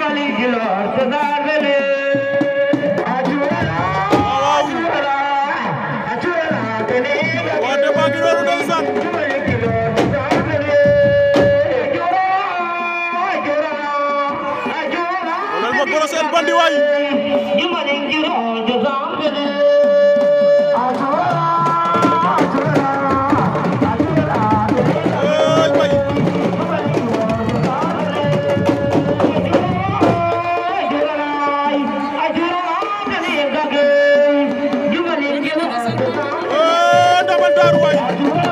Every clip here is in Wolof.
Sous-Mari Giorra Tazar Demi! Sous-Mari Giorra Tazar Demi! Thank you.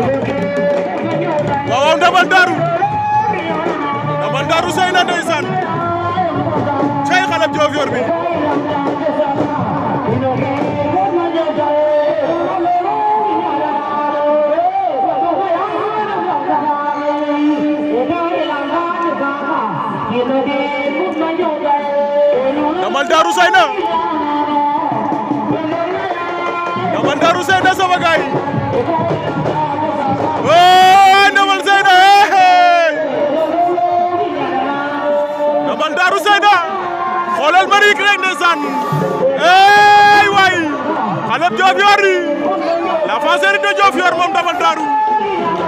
waaw waaw ndamal daaru ndamal daaru sey na ndeysaan cey xale Diofior bi Ndamal Daaru sey na Ndamal Daaru sey na sama gaay Diop Diofior yi la face de Diofior moom Damal Darou